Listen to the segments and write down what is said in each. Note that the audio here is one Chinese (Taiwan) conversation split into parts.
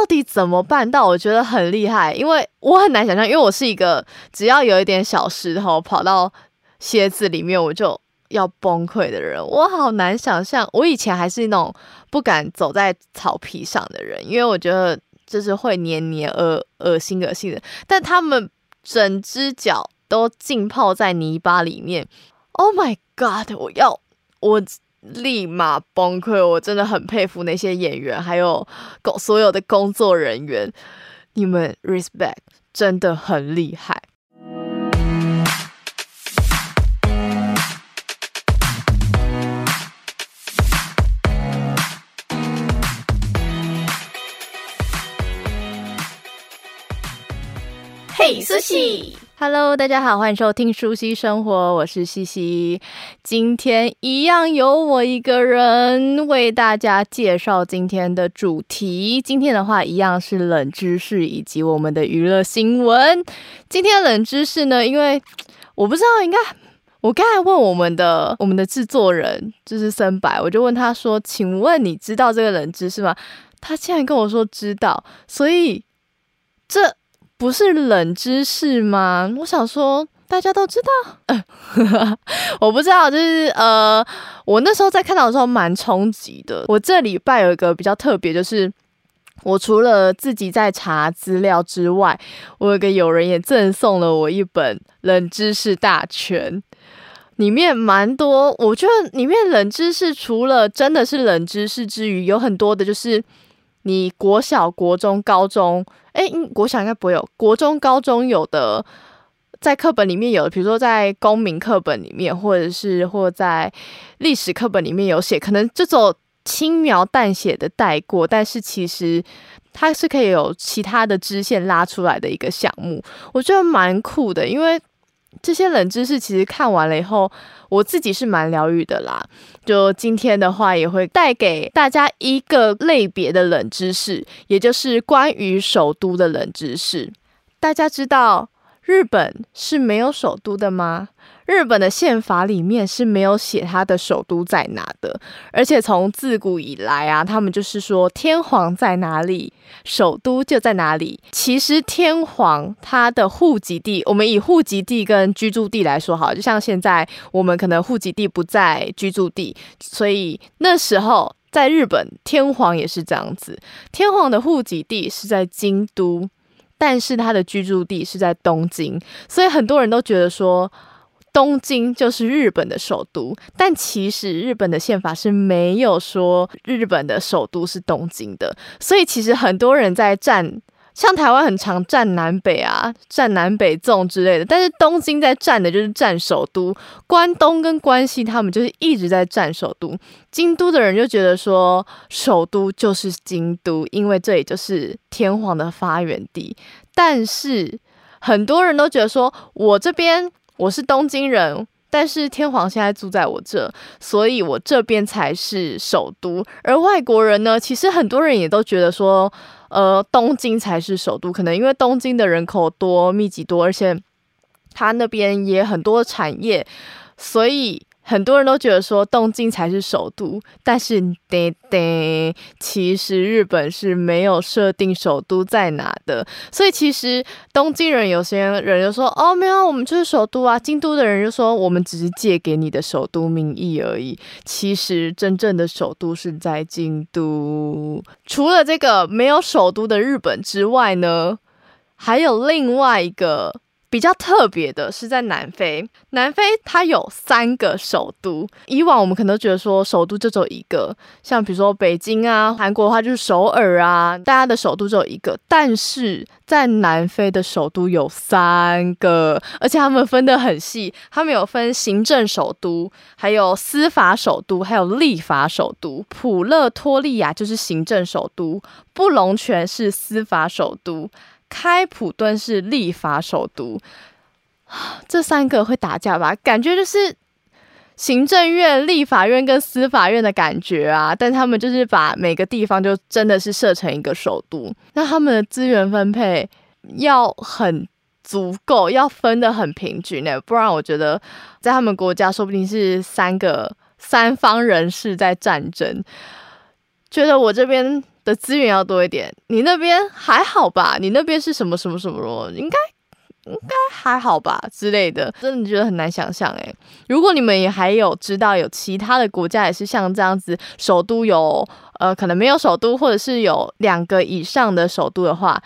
到底怎麼辦？到我覺得很厲害，因為我很難想象，因為我是一個只要有一點小石頭跑到鞋子裡面，我就要崩潰的人。我好難想象，我以前還是那種不敢走在草皮上的人，因為我覺得就是會黏黏、呃、噁、呃、噁心、噁心的。但他們整只腳都浸泡在泥巴裡面，Oh my God！我要我。立馬崩潰！我真的很佩服那些演員，還有工所有的工作人員，你們 respect 真的很厲害。嘿、hey，舒希。Hello，大家好，歡迎收聽《舒希生活》，我是西西。今天一樣由我一個人為大家介紹今天的主題。今天的話一樣是冷知識以及我們的娛樂新聞。今天冷知識呢，因為我不知道，應該我剛才問我們的我們的製作人就是森白，我就問他說：“請問你知道這個冷知識嗎？”他竟然跟我說知道，所以這。不是冷知識嗎？我想說，大家都知道。嗯呵呵。我不知道，就是呃，我那時候在看到的時候蠻衝擊的。我這禮拜有一個比較特別，就是我除了自己在查資料之外，我有個友人也贈送了我一本《冷知識大全》，裡面蠻多。我覺得裡面冷知識除了真的是冷知識之餘，有很多的就是。你國小、國中、高中，哎、欸，國小應該不會有，國中、高中有的，在課本裡面有，比如說在公民課本裡面，或者是或者在歷史課本裡面有寫，可能這種輕描淡寫的帶過，但是其實它是可以有其他的支線拉出來的一個項目，我覺得蠻酷的，因為。這些冷知識其實看完了以後，我自己是蠻療癒的啦。就今天的話，也會帶給大家一個類別的冷知識，也就是關於首都的冷知識。大家知道日本是沒有首都的嗎？日本的憲法裡面是沒有寫他的首都在哪的，而且從自古以來啊，他們就是說天皇在哪裡，首都就在哪裡。其實天皇他的戶籍地，我們以戶籍地跟居住地來說好，就像現在我們可能戶籍地不在居住地，所以那時候在日本，天皇也是這樣子，天皇的戶籍地是在京都，但是他的居住地是在東京，所以很多人都覺得說，東京就是日本的首都，但其實日本的憲法是沒有說日本的首都是東京的，所以其實很多人在戰，像台灣很常戰南北啊，戰南北縱之類的，但是東京在戰的就是戰首都，關東跟關西他們就是一直在戰首都，京都的人就覺得說首都就是京都，因為這裡就是天皇的發源地，但是很多人都覺得說我這邊。我是東京人，但是天皇現在住在我這，所以我這邊才是首都。而外國人呢，其實很多人也都覺得說，呃，東京才是首都，可能因為東京的人口多、密集多，而且他那邊也很多產業，所以。很多人都覺得說東京才是首都，但是對，對，其實日本是沒有設定首都在哪的，所以其實東京人有些人就說哦，沒有，我們就是首都啊。京都的人就說我們只是借給你的首都名義而已，其實真正的首都是在京都。除了這個沒有首都的日本之外呢，還有另外一個。比較特別的是在南非，南非它有三個首都。以往我們可能都覺得說首都就只有一個，像比如說北京啊，韓國的話就是首爾啊，大家的首都只有一個。但是在南非的首都有三個，而且他們分得很細，他們有分行政首都，還有司法首都，還有立法首都。普勒托利亞就是行政首都，布隆泉是司法首都。開普敦是立法首都，這三個會打架吧？感覺就是行政院、立法院跟司法院的感覺啊！但他們就是把每個地方就真的是設成一個首都，那他們的資源分配要很足夠，要分得很平均呢，不然我覺得在他們國家說不定是三個三方人士在戰爭，覺得我這邊。資源要多一點，你那邊還好吧？你那邊是什麼什麼什麼？應該應該還好吧之類的。真的覺得很難想象誒。如果你們也還有知道有其他的國家也是像這樣子，首都有呃，可能沒有首都，或者是有兩個以上的首都的話，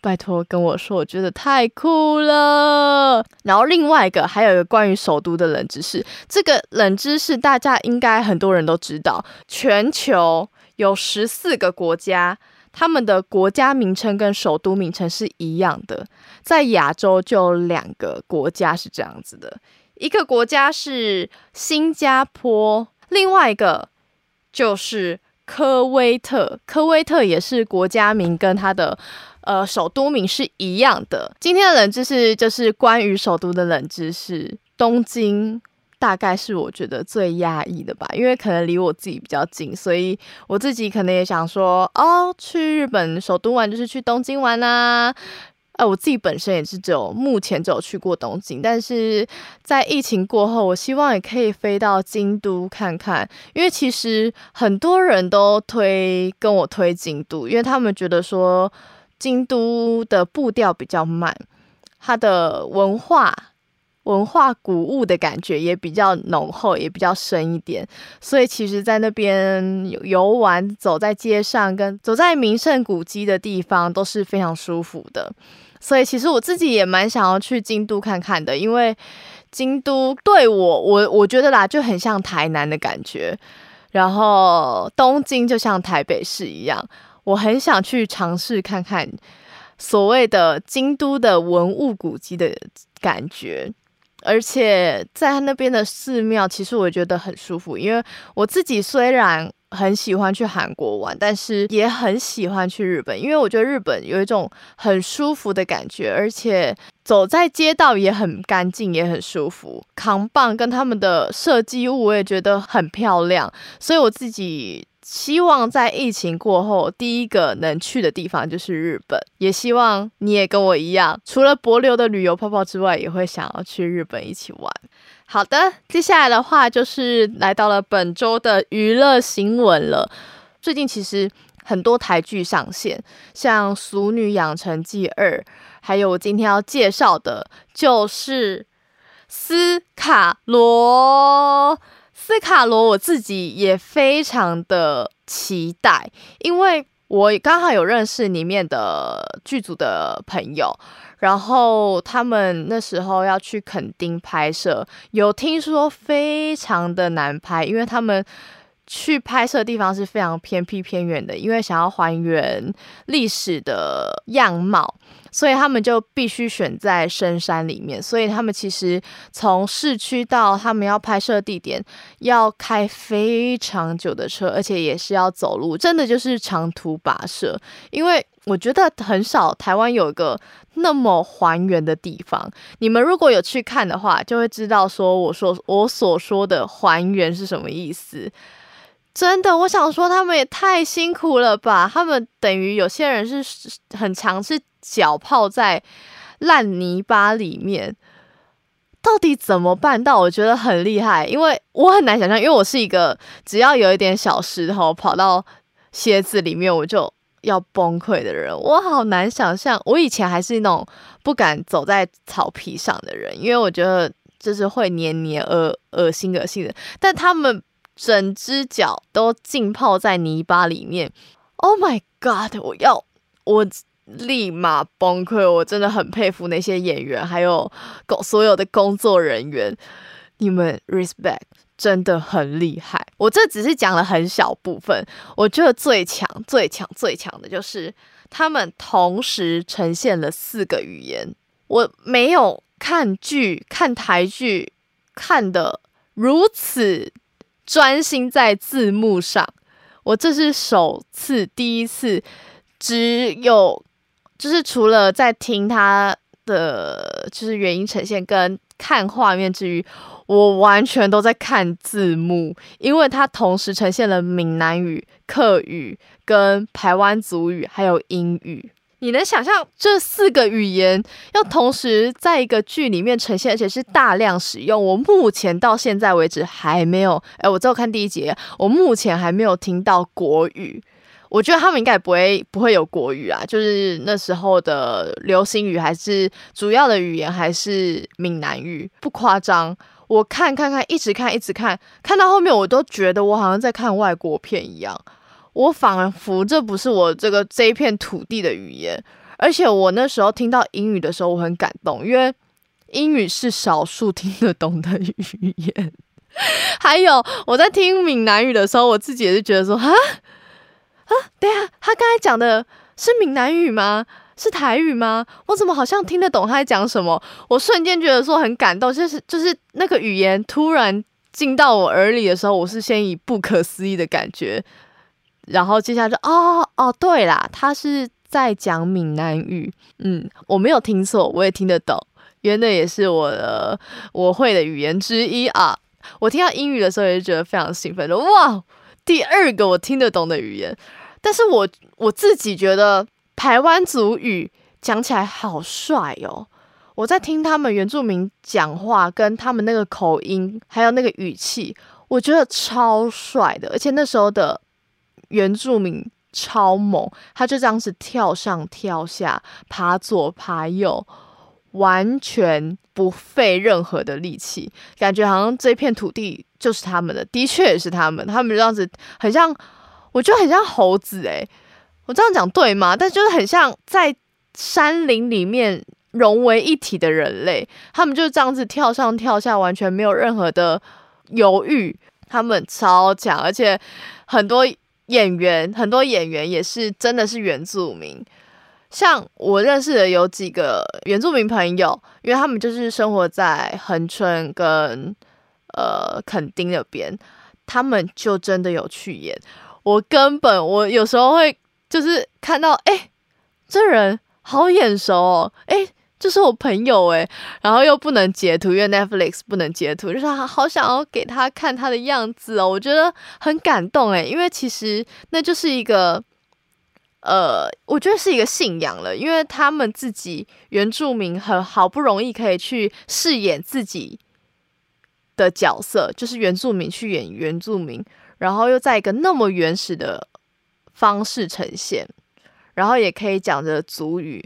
拜托跟我說，我覺得太酷了。然後另外一個還有一個關於首都的冷知識，這個冷知識大家應該很多人都知道，全球。有十四個國家，他們的國家名稱跟首都名稱是一樣的。在亞洲就有兩個國家是這樣子的，一個國家是新加坡，另外一個就是科威特。科威特也是國家名跟它的呃首都名是一樣的。今天的冷知識就是關於首都的冷知識，東京。大概是我覺得最壓抑的吧，因為可能離我自己比較近，所以我自己可能也想說，哦，去日本首都玩就是去東京玩啊。呃，我自己本身也是只有目前只有去過東京，但是在疫情過後，我希望也可以飛到京都看看，因為其實很多人都推跟我推京都，因為他們覺得說京都的步調比較慢，它的文化。文化古物的感覺也比較濃厚，也比較深一點，所以其實，在那邊遊玩、走在街上，跟走在名勝古蹟的地方都是非常舒服的。所以，其實我自己也蠻想要去京都看看的，因為京都對我，我我覺得啦，就很像台南的感覺，然後東京就像台北市一樣，我很想去嘗試看看所謂的京都的文物古蹟的感覺。而且在那邊的寺廟，其實我覺得很舒服。因為我自己雖然很喜歡去韓國玩，但是也很喜歡去日本，因為我覺得日本有一種很舒服的感覺，而且走在街道也很乾淨，也很舒服。扛棒跟他們的設計物，我也覺得很漂亮，所以我自己。希望在疫情過後，第一個能去的地方就是日本。也希望你也跟我一樣，除了帛琉的旅遊泡泡之外，也會想要去日本一起玩。好的，接下來的話就是來到了本周的娛樂新聞了。最近其實很多台劇上線，像《俗女養成記二》，還有我今天要介紹的，就是《斯卡羅》。斯卡羅，我自己也非常的期待，因為我剛好有認識裡面的劇組的朋友，然後他們那時候要去墾丁拍攝，有聽說非常的難拍，因為他們去拍攝的地方是非常偏僻偏遠的，因為想要還原歷史的樣貌。所以他們就必須選在深山裡面，所以他們其實從市區到他們要拍攝地點要開非常久的車，而且也是要走路，真的就是長途跋涉。因為我覺得很少台灣有一個那麼還原的地方，你們如果有去看的話，就會知道說我說我所說的還原是什麼意思。真的，我想說他們也太辛苦了吧！他們等於有些人是，很常是腳泡在爛泥巴裡面，到底怎麼辦到？我覺得很厲害，因為我很難想象，因為我是一個只要有一點小石頭跑到鞋子裡面我就要崩潰的人。我好難想象，我以前還是那種不敢走在草皮上的人，因為我覺得就是會黏黏、惡惡心、惡心的。但他們。整隻腳都浸泡在泥巴裡面，Oh my god！我要我立馬崩潰。我真的很佩服那些演員，還有工所有的工作人員，你們 respect 真的很厲害。我這只是講了很小部分，我覺得最強最強最強的就是他們同時呈現了四個語言。我沒有看劇，看台劇看得如此。專心在字幕上，我這是首次第一次，只有就是除了在聽它的就是原音呈現跟看畫面之餘，我完全都在看字幕，因為它同時呈現了閩南語、客語、跟台灣族語還有英語。你能想象這四個語言要同時在一個劇裡面呈現，而且是大量使用？我目前到現在為止還沒有。哎，我最後看第一節，我目前還沒有聽到國語。我覺得他們應該不會不會有國語啊，就是那時候的流行語還是主要的語言還是閩南語，不誇張。我看看看，一直看一直看，看到後面我都覺得我好像在看外國片一樣。我仿佛這不是我這個這一片土地的語言，而且我那時候聽到英語的時候，我很感動，因為英語是少數聽得懂的語言。還有我在聽閩南語的時候，我自己也是覺得說，啊啊，對啊，他剛才講的是閩南語嗎？是台語嗎？我怎麼好像聽得懂他在講什麼？我瞬間覺得說很感動，就是就是那個語言突然進到我耳裡的時候，我是先以不可思議的感覺。然後接下來就哦哦對啦，他是在講閩南語，嗯，我沒有聽錯，我也聽得懂，原來也是我的我會的語言之一啊。我聽到英語的時候也是覺得非常興奮，哇，第二個我聽得懂的語言。但是我我自己覺得台灣族語講起來好帥哦，我在聽他們原住民講話，跟他們那個口音還有那個語氣，我覺得超帥的，而且那時候的。原住民超猛，他就這樣子跳上跳下，爬左爬右，完全不費任何的力氣，感覺好像這片土地就是他們的，的確也是他們。他們這樣子很像，我覺得很像猴子欸，我這樣講對嗎？但就是很像在山林裡面融為一體的人類，他們就這樣子跳上跳下，完全沒有任何的猶豫，他們超強，而且很多。演員很多，演員也是真的是原住民。像我認識的有幾個原住民朋友，因為他們就是生活在恆春跟呃墾丁那邊，他們就真的有去演。我根本我有時候會就是看到，誒、欸、這人好眼熟哦，誒、欸就是我朋友誒、欸，然後又不能截圖，因為 Netflix 不能截圖，就是他好，好想要給他看他的樣子哦，我覺得很感動誒、欸，因為其實那就是一個，呃，我覺得是一個信仰了，因為他們自己原住民很好不容易可以去飾演自己的角色，就是原住民去演原住民，然後又在一個那麼原始的方式呈現，然後也可以講着族語。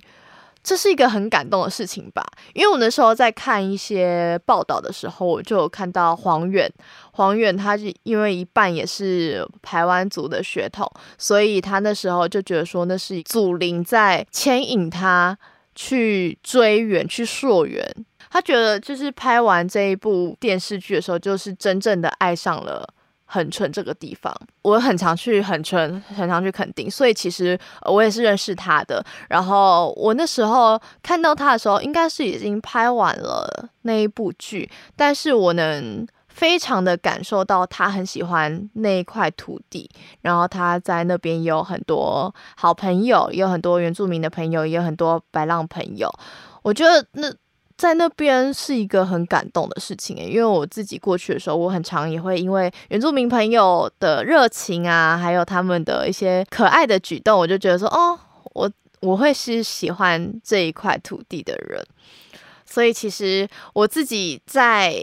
這是一個很感動的事情吧，因為我那時候在看一些報道的時候，我就有看到黃遠，黃遠，他因為一半也是排灣族的血統，所以他那時候就覺得說那是祖靈在牽引他去追源、去溯源。他覺得就是拍完這一部電視劇的時候，就是真正的愛上了。恆春，這個地方，我很常去恆春，很常去墾丁。所以其實我也是認識他的。然後我那時候看到他的時候，應該是已經拍完了那一部劇，但是我能非常的感受到他很喜歡那一塊土地，然後他在那邊也有很多好朋友，也有很多原住民的朋友，也有很多白浪朋友。我覺得那。在那邊是一個很感動的事情耶，因為我自己過去的時候，我很常也會因為原住民朋友的熱情啊，還有他們的一些可愛的舉動，我就覺得說，哦，我我會是喜歡這一塊土地的人。所以，其實我自己在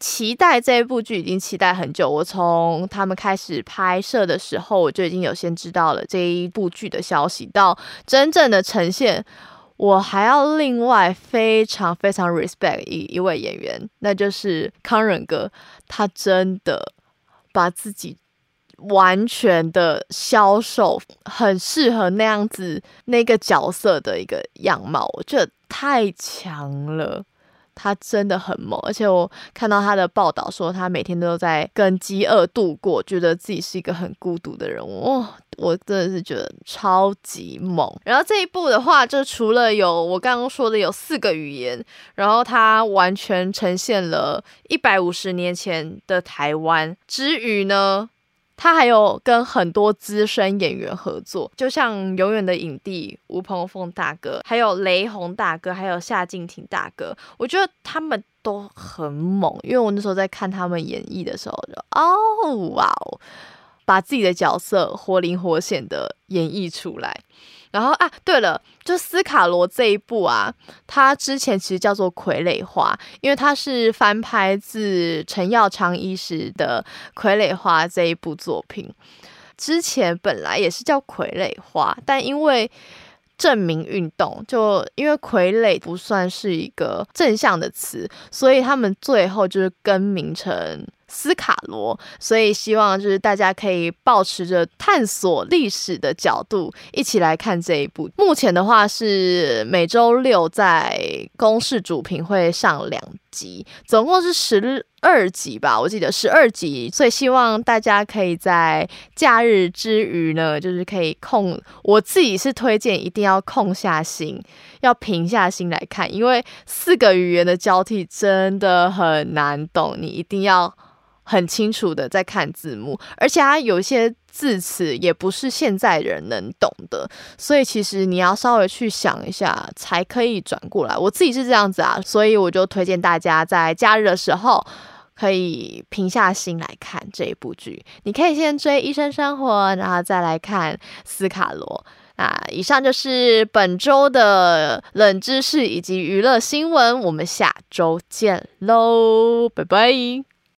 期待這一部劇已經期待很久。我從他們開始拍攝的時候，我就已經有先知道了這一部劇的消息，到真正的呈現。我還要另外非常非常 respect 一一位演員，那就是慷仁哥，他真的把自己完全的消瘦，很適合那樣子那個角色的一個樣貌，我覺得太強了。他真的很猛，而且我看到他的報道說，他每天都在跟飢餓度過，覺得自己是一個很孤獨的人物。哦，我真的是覺得超級猛。然後這一部的話，就除了有我剛剛說的有四個語言，然後他完全呈現了一百五十年前的台灣，之餘呢？他還有跟很多資深演員合作，就像永遠的影帝吳朋奉大哥，還有雷洪大哥，還有夏靖庭大哥，我覺得他們都很猛，因為我那時候在看他們演繹的時候就，就哦哇。把自己的角色活靈活現的演繹出來，然後啊，對了，就斯卡羅這一部啊，他之前其實叫做《傀儡花》，因為他是翻拍自陳耀昌醫師的《傀儡花》這一部作品，之前本來也是叫《傀儡花》，但因為。正名運動，就因為傀儡不算是一個正向的詞，所以他們最後就是更名成斯卡羅。所以希望就是大家可以抱持著探索歷史的角度一起來看這一部。目前的話是每周六在公視主頻會上兩集，總共是十二集吧，我記得是二集，所以希望大家可以在假日之餘呢，就是可以控，我自己是推薦一定要控下心，要平下心來看，因為四個語言的交替真的很難懂，你一定要很清楚的在看字幕，而且它有些字詞也不是現在人能懂的，所以其實你要稍微去想一下才可以轉過來。我自己是這樣子啊，所以我就推薦大家在假日的時候。可以平下心來看這一部劇，你可以先追《醫生生活》，然後再來看《斯卡羅》。那以上就是本周的冷知識以及娛樂新聞我們下周見嘍，拜拜。